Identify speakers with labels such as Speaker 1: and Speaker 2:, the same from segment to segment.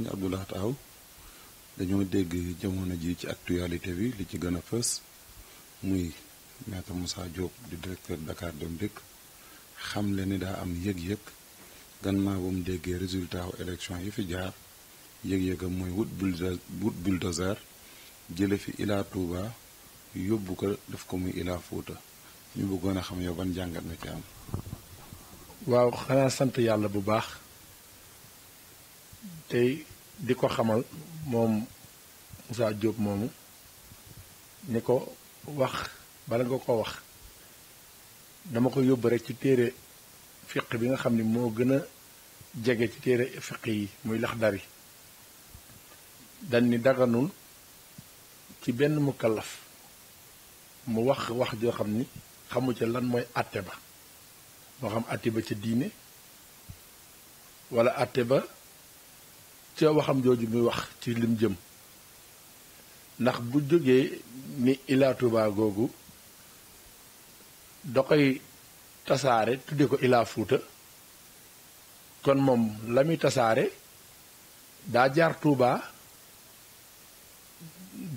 Speaker 1: ñu Abdoulahat Aw dañoo dégg jamono ji ci actualité bi li ci gën a fës muy maître Moussa Diop di directeur Dakar Dem Dikk xam le ni daa am yëg-yëg gannaaw ba mu déggee résultat wu élection yi fi jaar yëg-yëgam mooy wut wut bulldozer jële fi Ila Touba yóbbu ko def ko muy Ila Fouta ñu buggoon a xam yow ban jàngat na ci am waaw xanaa sant yàlla bu baax tey
Speaker 2: di ko xamal moom Moussa Diop moomu ni ko wax bala nga ko wax dama ko yóbbu rek ci téere fiq bi nga xam ni moo gën a jege ci téere fiq yi muy dari dañ ni daganul ci benn mu kallaf mu wax wax joo xam ni xamu ca lan mooy àtte ba moo xam àtte ba ca diine walla àtte ba ca waxam jooju muy wax ci lim jëm ndax bu jógee ni ila tuba googu da koy tasaare tudde ko ila fuuta kon mom la muy tasaare daa jaar tuuba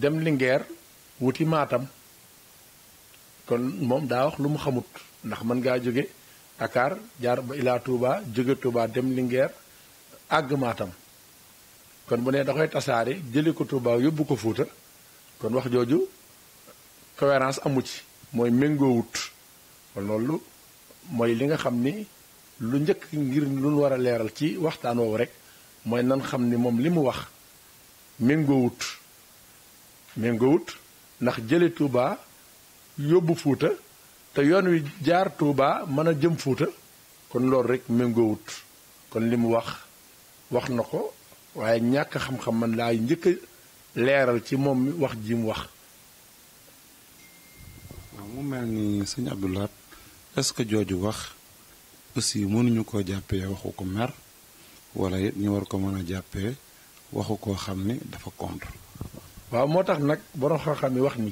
Speaker 2: dem lingeer wuti maatam kon mom daa wax lu mu xamut ndax mën ngaa jóge dakar jaar ba ila tuuba jóge tuuba dem lingeer àgg maatam kon bu ne da koy tasaare jeli ko Touba yobbu ko Fuuta kon wax joju cohérence amu ci wut méngoowut loolu moy li nga xamni lu ñeuk ngir lu wara leral ci waxtaan woowu rek moy nan xamni mom limu wax mengo wut mengo wut jeli Touba yobbu te yoon wi jaar Touba meuna jëm Fuuta kon loolu rek wut kon limu wax wax nako waaye ñàkk xam-xam man laay njëkk leeral ci moom mi wax ji mu wax.
Speaker 1: waaw mu mel ni sëñ Abdoulaye est-ce que jooju wax aussi mënuñu koo jàppee waxu ko mer wala it ñu war ko mën a jàppee waxu koo xam ni dafa contre.
Speaker 2: waaw moo tax nag borom xam-xam yi wax ni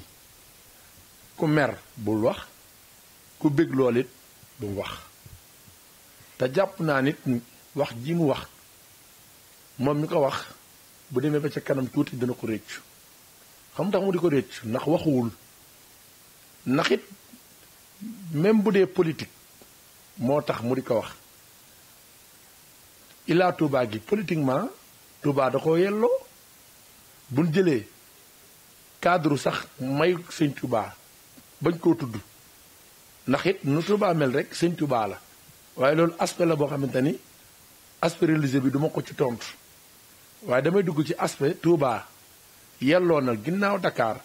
Speaker 2: ku mer bul wax ku bëgg lool it bu wax te jàpp naa nit wax ji mu wax. moom mi ko wax bu demee ba ca kanam tuuti dina ko réccu xam tax mu di ko réccu ndax waxuwul ndax it même bu dee politique moo tax mu di ko wax ilaa Touba gi politiquement Touba da ko yelloo buñ jëlee cadre sax may sëñ Touba bañ koo tudd ndax it nu Touba mel rek sëñ Touba la waaye loolu aspect la boo xamante ni aspect religieux bi duma ko ci tontu. waaye damay dugg ci aspect Touba yelloo na ginnaaw dakaar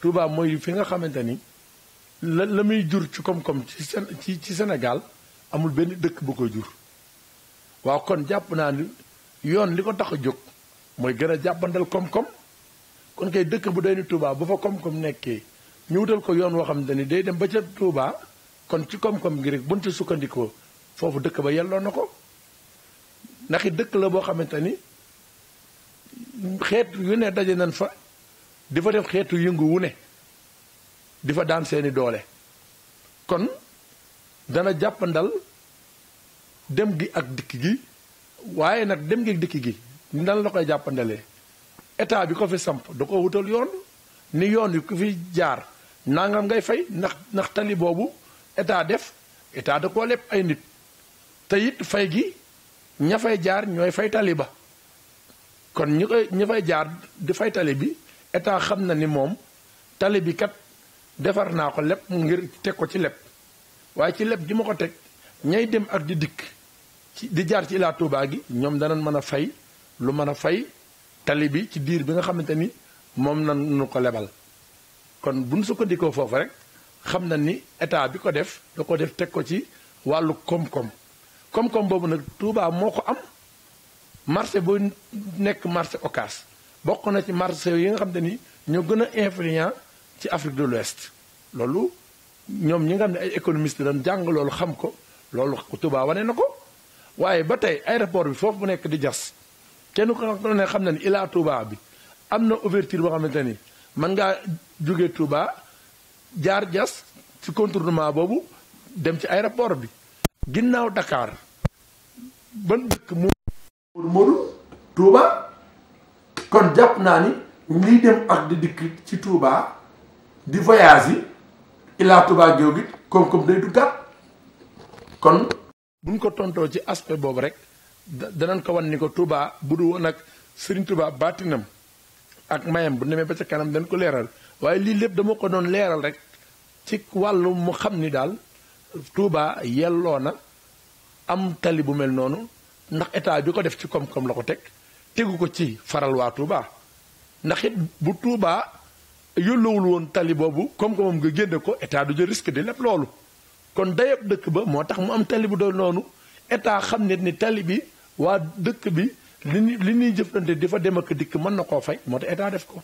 Speaker 2: Touba mooy fi nga xamante ni la la muy jur ci koom-koom ci ci ci amul benn dëkk bu ko jur waaw kon jàpp naa ni yoon li ko tax a jóg mooy gën a jàppandal koom-koom kon kay dëkk bu day ni Touba bu fa koom-koom nekkee ñu wutal ko yoon woo xamante ni day dem ba ca Touba kon ci koom-koom gi rek buñ ci sukkandikoo foofu dëkk ba yelloo na ko ndax dëkk la boo xamante ni xeet yu ne daje nañ fa di fa def xeetu yëngu wu ne di daan seeni doole kon dana jàppandal dem gi ak dikk gi waaye nag dem gi ak dikk gi nan la koy jàppandalee état bi ko fi samp da ko wutal yoon ni yoon yu ko fi jaar nangam ngay fay ndax ndax tali boobu état def état da koo lepp ay nit te it fay gi ña fay jaar ñooy fay tali kon ñu koy ñu fay jaar dafay fay tali bi état xam na ni moom tali bi kat defar naa ko lépp ngir teg ko ci leb waaye ci leb ji ma ko teg ñay dem ak di dikk ci di jaar ci Ila Touba gi ñoom dana mën a fay lu mën a fay tali bi ci diir bi nga xamante ni moom nañu ko lebal kon bu ñu sukkandikoo foofu rek xam na ni état bi ko def da ko def teg ko ci wàllu koom-koom koom-koom boobu nag Touba moo ko am marché boo nekk marché Ocass bokk na ci marché yi nga xam ni ñoo gën a influent ci Afrique de l'Ouest loolu ñoom ñi nga xam ne ay économistes dañ jàng loolu xam ko loolu Touba wane na ko waaye ba tey aéroport bi foofu bu nekk di jas kenn ko ne xam na ni Ila Touba bi am na ouverture boo xamante ni man ngaa jóge Touba jaar jas ci contournement boobu dem ci aéroport bi ginnaaw Dakar ban dëkk moo Modou Modou Touba kon jàpp naa ni liy dem ak di dikk ci Touba di voyage yi ilaa Touba géew gi koom-koom day duggaat kon. buñ ko tontoo ci aspect boobu rek danañ ko wan ni ko Touba bu du woon ak Serigne Touba baatinam ak mayam bu demee ba ca kanam dañ ko leeral waaye lii lépp dama ko doon leeral rek ci wàllu mu xam ni daal Touba yelloo na am tali bu mel noonu. ndax état bi ko def ci koom-koom la ko teg tegu ko ci faral waa Touba ndax it bu Touba yóllowul woon tali boobu koom-koomam nga génne ko état du jël risque di lépp loolu kon dayab dëkk ba moo tax mu am tali bu doon noonu état xam ne ni tali bi waa dëkk bi li ñuy li ñuy jëflante di fa dem ak dikk mën na koo fay moo tax état def ko.